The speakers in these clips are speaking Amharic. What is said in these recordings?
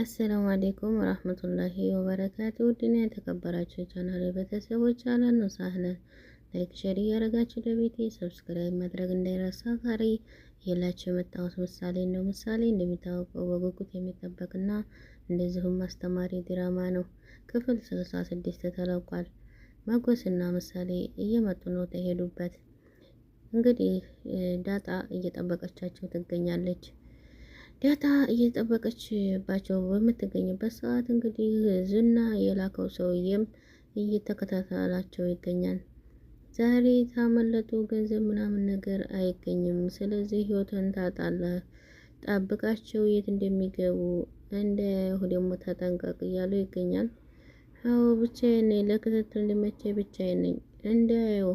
አሰላሙ አሌይኩም ወራህመቱላሂ ወበረካቱ። ውድና የተከበራችሁ የቻናል ቤተሰቦች አለን ነው ሳህለን ላይክ፣ ሼር እያደረጋችሁ ለቤቴ ሰብስክራይብ ማድረግ እንዳይረሳ። ዛሬ የላቸው የመጣሁት ምሳሌ ነው። ምሳሌ እንደሚታወቀው በጉጉት የሚጠበቅና እንደዚሁም አስተማሪ ድራማ ነው። ክፍል ስልሳ ስድስት ተለቋል። መጎስና ምሳሌ እየመጡ ነው ተሄዱበት። እንግዲህ ዳጣ እየጠበቀቻቸው ትገኛለች። ዳታ እየጠበቀችባቸው በምትገኝበት ሰዓት እንግዲህ ዝና የላከው ሰውዬም እየተከታተላቸው ይገኛል። ዛሬ ታመለጡ ገንዘብ ምናምን ነገር አይገኝም። ስለዚህ ህይወትን ታጣለ ጠብቃቸው የት እንደሚገቡ እንደ ደግሞ ተጠንቀቅ እያሉ ይገኛል። አዎ ብቻዬን ነኝ፣ ለክትትል እንዲመቸኝ ብቻዬን ነኝ እንዳየው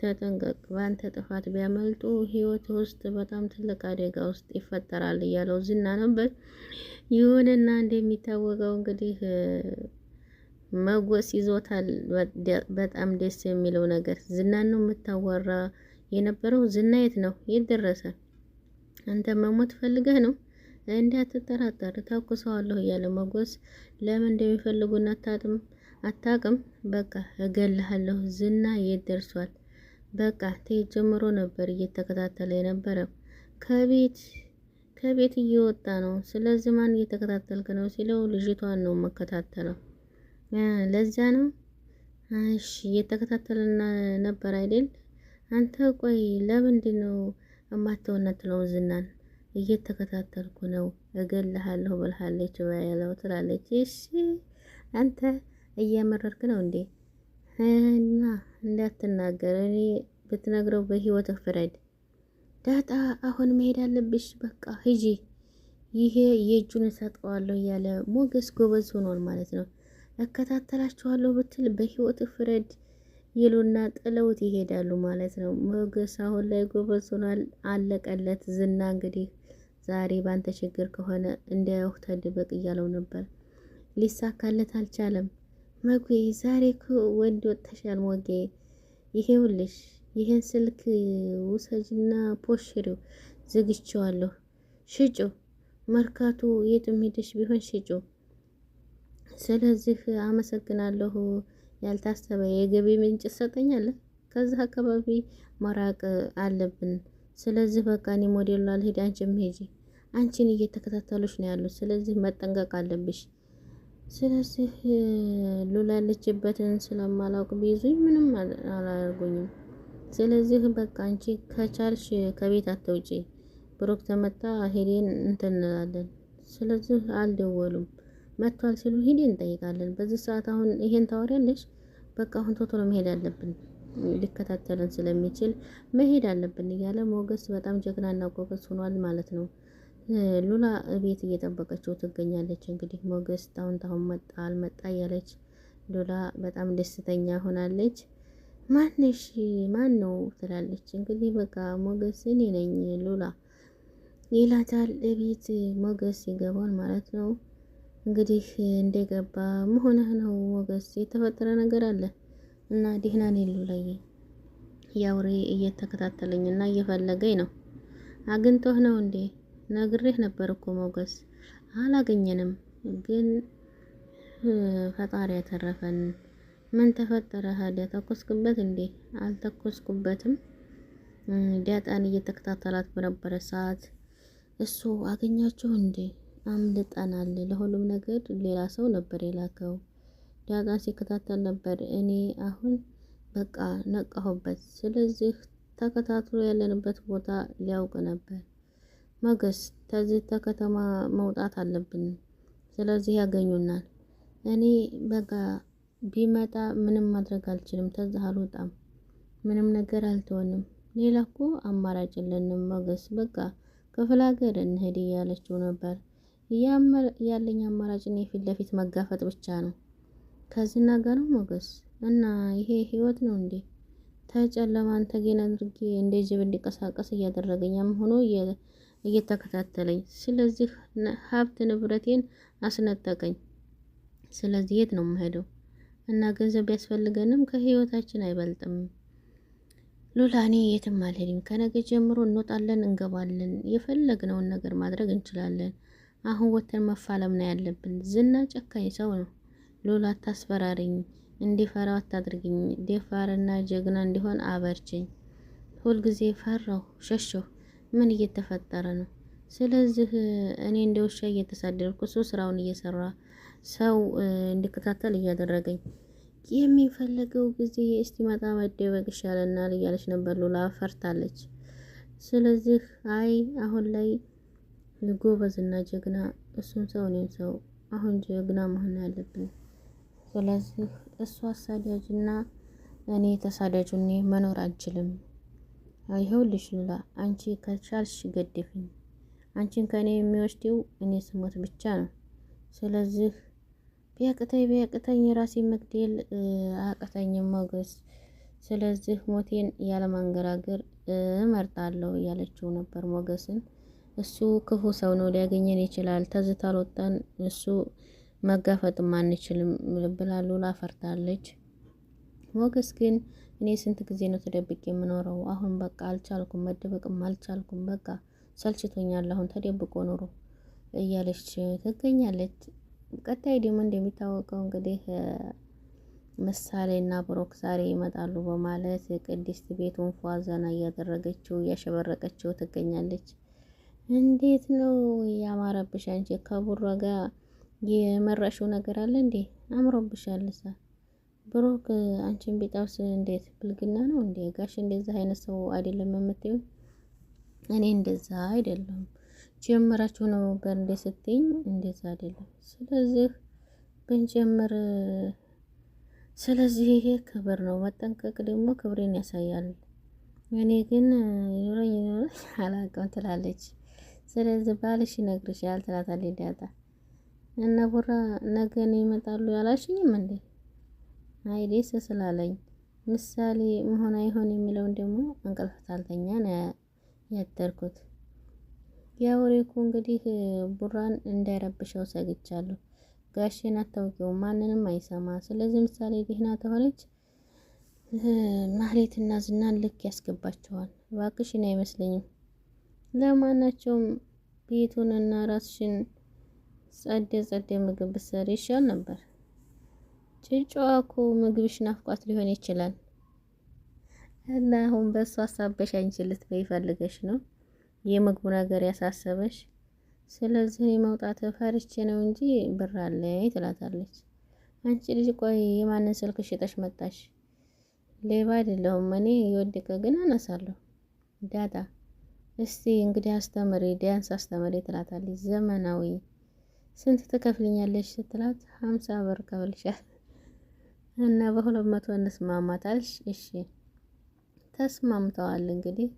ተጠንቀቅ፣ በአንተ ጥፋት ቢያመልጡ ህይወት ውስጥ በጣም ትልቅ አደጋ ውስጥ ይፈጠራል እያለው ዝና ነበር። ይሁንና እንደሚታወቀው እንግዲህ መጎስ ይዞታል። በጣም ደስ የሚለው ነገር ዝና ነው የምታወራ የነበረው። ዝና የት ነው የት ደረሰ? አንተ መሞት ፈልገህ ነው? እንዳትጠራጠር ታኩሰዋለሁ እያለ መጎስ ለምን እንደሚፈልጉን አታጥም አታቅም። በቃ እገልሃለሁ ዝና የት ደርሷል? በቃ ቴ ጀምሮ ነበር እየተከታተለ የነበረ ከቤት ከቤት እየወጣ ነው። ስለዚህ ማን እየተከታተልክ ነው ሲለው ልጅቷን ነው መከታተለው። ለዛ ነው እሺ፣ እየተከታተለና ነበር አይደል? አንተ ቆይ ለምንድን ነው እማትሆነት ነው ዝናን እየተከታተልኩ ነው እገልሃለሁ ብልሃለች ያለው ትላለች። እሺ አንተ እያመረርክ ነው እንዴ? እና እንዳትናገር እኔ ብትነግረው በህይወት ፍረድ። ዳጣ አሁን መሄድ አለብሽ፣ በቃ ሂጂ። ይሄ የእጁን እሰጠዋለሁ እያለ ሞገስ ጎበዝ ሆኗል ማለት ነው። እከታተላችኋለሁ ብትል በህይወት ፍረድ ይሉና ጥለውት ይሄዳሉ ማለት ነው። ሞገስ አሁን ላይ ጎበዝ ሆኗል፣ አለቀለት። ዝና እንግዲህ ዛሬ ባንተ ችግር ከሆነ እንዲያውህ ተደበቅ እያለው ነበር፣ ሊሳካለት አልቻለም። መጉ ዛሬ እኮ ወንድ ወጥተሻል ሞጌ። ይሄውልሽ ይህን ስልክ ውሰጅና ፖሽሪው፣ ዘግቼዋለሁ። ሽጩ መርካቱ የትም ሄደሽ ቢሆን ሽጩ። ስለዚህ አመሰግናለሁ። ያልታሰበ የገቢ ምንጭ ሰጠኛለ። ከዛ አካባቢ መራቅ አለብን። ስለዚህ በቃ እኔ ሞዴሉ አልሄድ፣ አንቺም ሄጂ። አንቺን እየተከታተሉሽ ነው ያሉት። ስለዚህ መጠንቀቅ አለብሽ። ስለዚህ ሉላለችበትን ስለማላውቅ ቢይዙኝ ምንም አላደርጉኝም። ስለዚህ በቃ አንቺ ከቻልሽ ከቤት አትውጪ፣ ብሩክ ተመጣ ሄዴን እንትንላለን። እንላለን። ስለዚህ አልደወሉም። መጥቷል ሲሉ ሄዴን እንጠይቃለን። በዚህ ሰዓት አሁን ይሄን ታወሪያለሽ? በቃ አሁን ቶቶሎ መሄድ አለብን፣ ሊከታተለን ስለሚችል መሄድ አለብን እያለ ሞገስ በጣም ጀግናና ጎበዝ ሆኗል ማለት ነው። ሉላ ቤት እየጠበቀችው ትገኛለች። እንግዲህ ሞገስ ታሁን ታሁን መጣ አልመጣ እያለች ሉላ በጣም ደስተኛ ሆናለች። ማነሽ ማን ነው ትላለች። እንግዲህ በቃ ሞገስ እኔ ነኝ ሉላ ይላታል። እቤት ሞገስ ይገባል ማለት ነው። እንግዲህ እንደገባ መሆንህ ነው ሞገስ፣ የተፈጠረ ነገር አለ እና ደህና ነኝ ሉላዬ፣ ያውሬ እየተከታተለኝ እና እየፈለገኝ ነው። አግኝቶህ ነው እንዴ? ነግሬህ ነበር እኮ ሞገስ፣ አላገኘንም ግን ፈጣሪ ያተረፈን። ምን ተፈጠረ ሀዲያ? ተኮስክበት እንዴ? አልተኮስኩበትም። ዳጣን እየተከታተላት በነበረ ሰዓት እሱ አገኛችሁ እንዴ? አምልጠናል። ለሁሉም ነገር ሌላ ሰው ነበር የላከው። ዳጣን ሲከታተል ነበር። እኔ አሁን በቃ ነቃሁበት። ስለዚህ ተከታትሎ ያለንበት ቦታ ሊያውቅ ነበር። ሞገስ ከዚህ ከከተማ መውጣት አለብን። ስለዚህ ያገኙናል። እኔ በቃ ቢመጣ ምንም ማድረግ አልችልም። ተዛህ አልወጣም። ምንም ነገር አልተወንም። ሌላ እኮ አማራጭ የለንም ሞገስ በቃ ክፍለ ሀገር እንሄድ እያለችው ነበር። ያለኝ አማራጭ እኔ ፊት ለፊት መጋፈጥ ብቻ ነው። ከዚህ ነገሩ ሞገስ እና ይሄ ህይወት ነው እንዴ? ተጨለማን ተገን አድርጌ እንደ ጅብ እንዲቀሳቀስ እያደረገኛም ሆኖ እየተከታተለኝ፣ ስለዚህ ሀብት ንብረቴን አስነጠቀኝ። ስለዚህ የት ነው የምሄደው? እና ገንዘብ ቢያስፈልገንም ከህይወታችን አይበልጥም። ሉላ እኔ የትም አልሄድም። ከነገ ጀምሮ እንወጣለን፣ እንገባለን፣ የፈለግነውን ነገር ማድረግ እንችላለን። አሁን ወተን መፋለም ነው ያለብን። ዝና ጨካኝ ሰው ነው። ሉላ አታስፈራሪኝ፣ እንዲፈራው አታድርግኝ። ደፋርና ጀግና እንዲሆን አበርችኝ። ሁልጊዜ ፈራሁ፣ ሸሸሁ። ምን እየተፈጠረ ነው? ስለዚህ እኔ እንደ ውሻ እየተሳደድኩ እሱ ስራውን እየሰራ ሰው እንዲከታተል እያደረገኝ የሚፈለገው ጊዜ መጣ መደበቅ ይሻለናል እያለች ነበር ሉላ ፈርታለች። ስለዚህ አይ አሁን ላይ ጎበዝና ጀግና እሱም ሰው እኔም ሰው አሁን ጀግና መሆን ያለብን። ስለዚህ እሱ አሳዳጅና እኔ ተሳዳጁኔ መኖር አልችልም። ይኸውልሽ ሉላ አንቺ ከቻልሽ ገደፍኝ። አንቺን ከእኔ የሚወስደው እኔ ስሞት ብቻ ነው። ስለዚህ ቢያቅተኝ ቢያቅተኝ ራሴ መግደል አቅተኝ ሞገስ። ስለዚህ ሞቴን ያለማንገራገር እመርጣለሁ እያለችው ነበር ሞገስን። እሱ ክፉ ሰው ነው፣ ሊያገኘን ይችላል። ተዝታ አልወጣን እሱ መጋፈጥም አንችልም ብላ ሉላ ፈርታለች። ሞገስ ግን እኔ ስንት ጊዜ ነው ተደብቄ የምኖረው? አሁን በቃ አልቻልኩም፣ መደበቅም አልቻልኩም። በቃ ሰልችቶኛል፣ አሁን ተደብቆ ኑሮ እያለች ትገኛለች። ቀጣይ ደግሞ እንደሚታወቀው እንግዲህ ምሳሌ እና ብሮክ ዛሬ ይመጣሉ በማለት ቅድስት ቤቱን ፏዘና እያደረገችው እያሸበረቀችው ትገኛለች። እንዴት ነው ያማረብሽ አንቺ! ከቡራ ጋር የመረሽው ነገር አለ እንዴ? አምሮብሻል። ብሩክ አንቺን ቢጠብስ እንዴት ብልግና ነው እንዴ? ጋሽ እንደዛ አይነት ሰው አይደለም የምትይው። እኔ እንደዛ አይደለም ጀምራችሁ ነው ጋር እንደ ስትኝ እንደዛ አይደለም። ስለዚህ ብንጀምር፣ ስለዚህ ይሄ ክብር ነው። መጠንቀቅ ደግሞ ክብሬን ያሳያል። እኔ ግን ይኖረኝ ይኖረኝ አላውቅም ትላለች። ስለዚህ ባልሽ ይነግርሻል ትላታለች ዳጣ። እና ቡራ ነገን ይመጣሉ ያላሽኝም እንዴ? ደስ ስላለኝ ምሳሌ መሆን አይሆን የሚለውን ደግሞ እንቅልፍ ታልተኛ ነው ያደርኩት። የአውሬ እኮ እንግዲህ ቡራን እንዳይረብሸው ሰግቻለሁ። ጋሼን አታውቂው ማንንም አይሰማ። ስለዚህ ምሳሌ ደህና ተሆነች ማህሌትና ዝናን ልክ ያስገባቸዋል። እባክሽን አይመስለኝም። ለማናቸውም ቤቱንና ራስሽን ጸደ ጸደ ምግብ ብትሰሪ ይሻል ነበር። ጭንጫዋ እኮ ምግብሽ ናፍቋት ሊሆን ይችላል። እና አሁን በእሱ አሳበሽ አንቺ ልትበይ ፈልገሽ ነው የምግቡ ነገር ያሳሰበሽ። ስለዚህ መውጣት ፈርቼ ነው እንጂ ብር አለ ትላታለች። አንቺ ልጅ ቆይ የማንን ስልክ ሽጠሽ መጣሽ? ሌባ አይደለሁም እኔ የወደቀ ግን አነሳለሁ። ዳታ እስቲ እንግዲህ አስተምሪ፣ ዳንስ አስተምሪ ትላታለች። ዘመናዊ ስንት ትከፍልኛለች ስትላት ሀምሳ ብር ከፍልሻል እና በሁለት መቶ እንስማማታል። እሺ ተስማምተዋል። እንግዲህ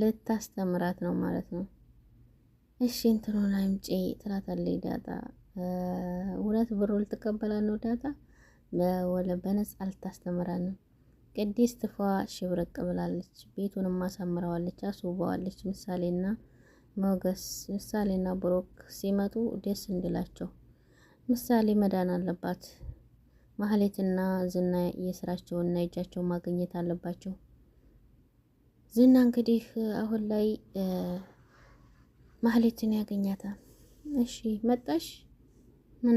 ልታስተምራት ነው ማለት ነው። እሺ እንትኑን አምጪ ትላታለች ዳጣ። እውነት ብሩ ልትቀበላት ነው ዳጣ። በወለ በነጻ ልታስተምራት ነው። ቅድስት ትፏ ሽብረቅ ብላለች። ቤቱንም አሳምረዋለች፣ አስውበዋለች። ምሳሌና ሞገስ ምሳሌና ብሮክ ሲመጡ ደስ እንድላቸው ምሳሌ መዳን አለባት። ማህሌትና ዝና የስራቸውና እጃቸው ማግኘት አለባቸው። ዝና እንግዲህ አሁን ላይ ማህሌትን ያገኛታል። እሺ መጣሽ?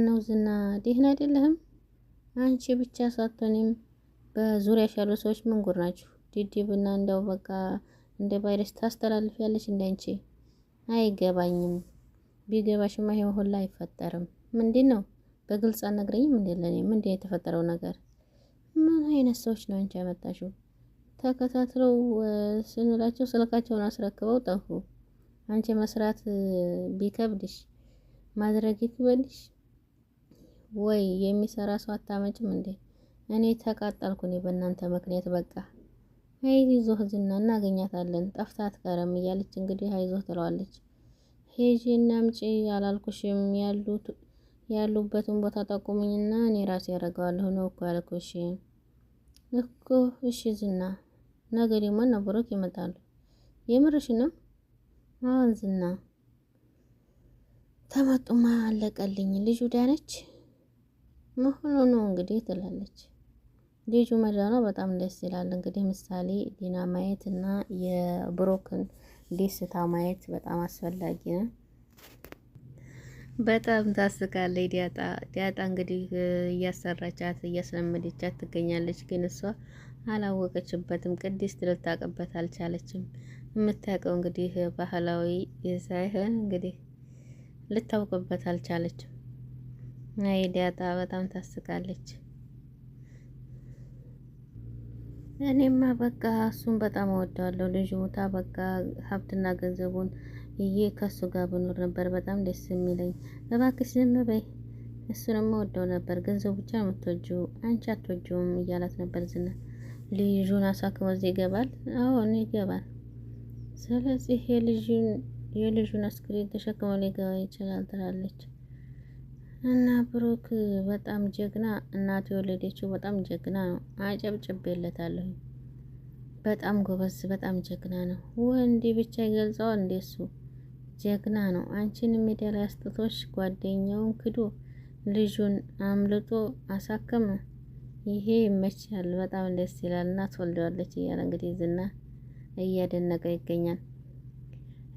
ነው ዝና ደህና አይደለህም? አንቺ ብቻ ሳትሆንም በዙሪያሽ ያሉ ሰዎች ምን ጉር ናችሁ? ድድብና እንደው በቃ እንደ ቫይረስ ታስተላልፍ ያለች እንደ አንቺ አይገባኝም። ቢገባሽማ ይሄ ሁላ አይፈጠርም። ምንድን ነው በግልጽ አነግረኝ እንዴ? ለኔ ምንድን ነው የተፈጠረው ነገር? ምን አይነት ሰዎች ነው አንቺ ያመጣሽው? ተከታትለው ስንላቸው ስልካቸውን አስረክበው ጠፉ። አንቺ መስራት ቢከብድሽ ማድረግ ይክበድሽ ወይ የሚሰራ ሰው አታመጭም እንዴ? እኔ ተቃጠልኩ። በእናንተ ምክንያት በቃ አይዞህ ዝና እናገኛታለን፣ ጠፍታ አትቀርም እያለች እንግዲህ አይዞህ ትለዋለች። ሄጂ እናምጪ አላልኩሽም ያሉት ያሉበትን ቦታ ጠቁሙኝና እኔ ራሴ ያደርገዋለሁ። ነው እኮ እሺ እኮ። እሺ ዝና፣ ነገ ደግሞ እነ ብሩክ ይመጣሉ። የምርሽ ነው? አሁን ዝና ተመጡማ አለቀልኝ። ልጁ ዳነች መሆኑ ነው እንግዲህ ትላለች። ልጁ መዳኗ በጣም ደስ ይላል። እንግዲህ ምሳሌ ዲና ማየት እና የብሩክን ደስታ ማየት በጣም አስፈላጊ ነው። በጣም ታስቃለች ዲያጣ ዲያጣ እንግዲህ እያሰራቻት እያስለመደቻት ትገኛለች። ግን እሷ አላወቀችበትም። ቅድስት ልታውቅበት አልቻለችም። የምታውቀው እንግዲህ ባህላዊ ሳይሆን እንግዲህ ልታውቅበት አልቻለችም። አይ ዲያጣ በጣም ታስቃለች። እኔማ በቃ እሱን በጣም እወደዋለሁ። ልጅ ሙታ በቃ ሀብትና ገንዘቡን ይሄ ከሱ ጋር ብኖር ነበር በጣም ደስ የሚለኝ። እባክሽ ዝም በይ፣ እሱንም ወደው ነበር። ገንዘቡ ብቻ ነው የምትወጂው፣ አንቺ አትወጂውም እያላት ነበር ዝና። ልጁን አሳክሞ እዚህ ይገባል። አዎን ይገባል። ስለዚህ የልጁን አስክሬን ተሸክሞ ሊገባ ይችላል ትላለች። እና ብሩክ በጣም ጀግና፣ እናት የወለደችው በጣም ጀግና ነው። አጨብጭቤለታለሁ። በጣም ጎበዝ፣ በጣም ጀግና ነው። ወንድ ብቻ ይገልጸዋል እንደሱ ጀግና ነው። አንቺን የሚደላ አስጥቶሽ ጓደኛውን ክዶ ልጁን አምልጦ አሳከመ። ይሄ ይመቻል፣ በጣም ደስ ይላል። እና ትወልደዋለች እያለ እንግዲህ ዝና እያደነቀ ይገኛል።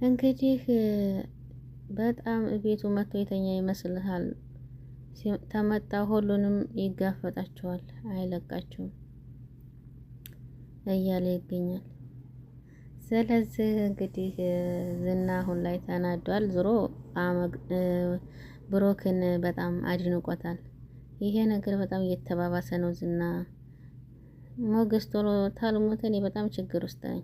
እንግዲህ በጣም ቤቱ መጥቶ የተኛ ይመስልሃል? ተመጣ ሁሉንም ይጋፈጣቸዋል፣ አይለቃቸውም እያለ ይገኛል። ስለዚህ እንግዲህ ዝና አሁን ላይ ተናዷል። ዝሮ ብሮክን በጣም አድንቆታል። ይሄ ነገር በጣም እየተባባሰ ነው። ዝና ሞገስ ቶሎ ታልሞተ እኔ በጣም ችግር ውስጥ ነኝ።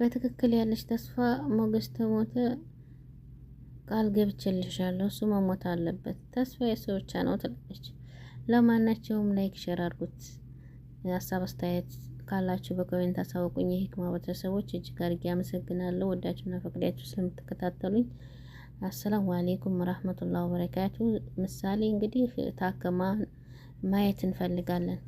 በትክክል ያለች ተስፋ ሞገስ ተሞተ ቃል ገብቼልሻለሁ፣ እሱ መሞት አለበት። ተስፋ የሰው ብቻ ነው ትላለች። ለማናቸውም ላይክ ሸር አድርጉት። ሀሳብ አስተያየት ካላችሁ በኮሜንት አሳውቁኝ። የሂክማ ቤተሰቦች እጅግ አድርጌ አመሰግናለሁ። ወዳችሁና ፈቅዳችሁ ስለምትከታተሉኝ አሰላሙ አሌይኩም ረህመቱላህ ወበረካቱ። ምሳሌ እንግዲህ ታከማ ማየት እንፈልጋለን።